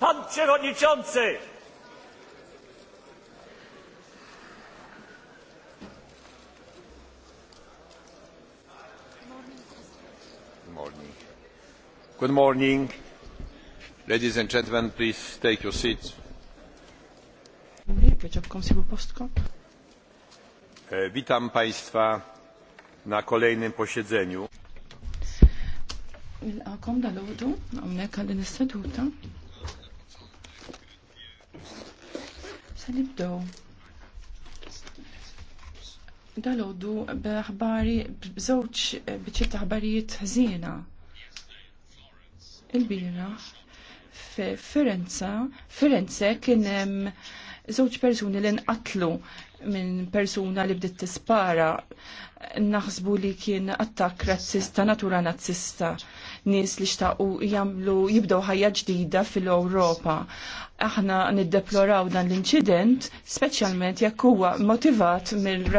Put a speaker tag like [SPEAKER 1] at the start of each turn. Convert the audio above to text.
[SPEAKER 1] Pan Przewodniczący!
[SPEAKER 2] Good morning. Good morning. Ladies and gentlemen, please take
[SPEAKER 3] your seats. E, witam Państwa na kolejnym posiedzeniu.
[SPEAKER 4] Se nibdow. Dalodu b'aħbari b'żewġ biċċiet aħbarijiet ħżiena. Il-bira f'Firenza, Firenze kien hemm żewġ persuni li nqatlu minn persuna li bdiet tispara naħsbu li kien attakk razzista, natura nazzista, nies li xtaqu jamlu jibdew ħajja ġdida fil-Ewropa. Aħna niddeploraw dan l-inċident, speċjalment jekk huwa motivat mill